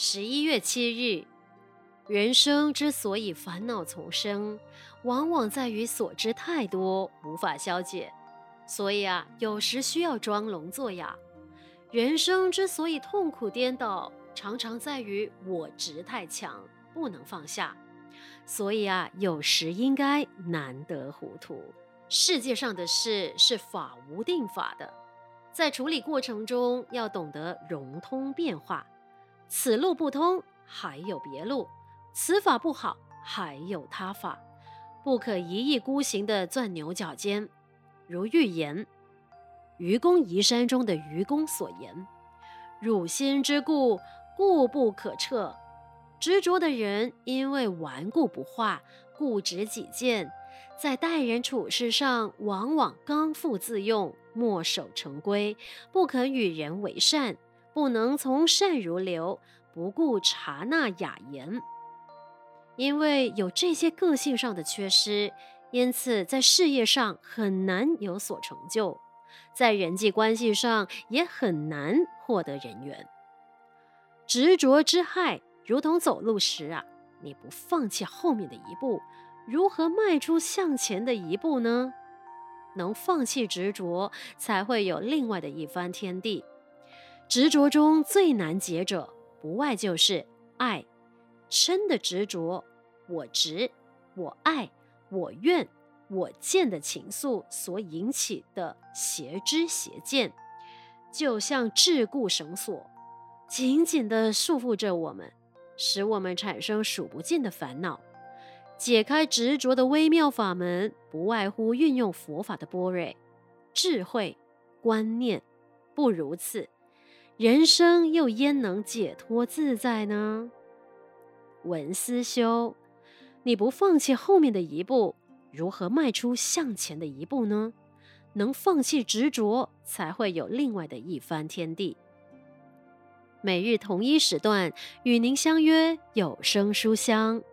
十一月七日，人生之所以煩惱叢生，往往在於所知太多，無法消解。所以啊，有時需要裝聾作啞。人生之所以痛苦顛倒，常常在於我執太強，不能放下。所以啊，有時應該難得糊塗。世界上的事是法無定法的，在處理過程中要懂得融通變化。此路不通，還有別路；此法不好，還有他法。不可一意孤行地鑽牛角尖。如寓言《愚公移山》中的愚公所言：“汝心之固，固不可徹。”執着的人因為頑固不化、固執己見，在待人處事上往往剛愎自用、墨守成規，不肯與人為善。不能從善如流，不顧察納雅言，因為有這些個性上的缺失，因此在事業上很難有所成就，在人際關係上也很難獲得人緣。執着之害，如同走路時啊，你不放棄後面的一步，如何邁出向前的一步呢？能放棄執着，才會有另外的一番天地。執着中最難解者，不外就是愛、生的執着我執、我愛、我願、我見的情愫所引起的邪知邪見，就像桎梏繩索，緊緊的束縛着我們，使我們產生數不盡的煩惱。解開執着的微妙法門，不外乎運用佛法的般若、智慧、觀念，不如此，人生又焉能解脫自在呢？文思修，你不放棄後面的一步，如何邁出向前的一步呢？能放棄執着，才會有另外的一番天地。每日同一時段，與您相約有聲書香。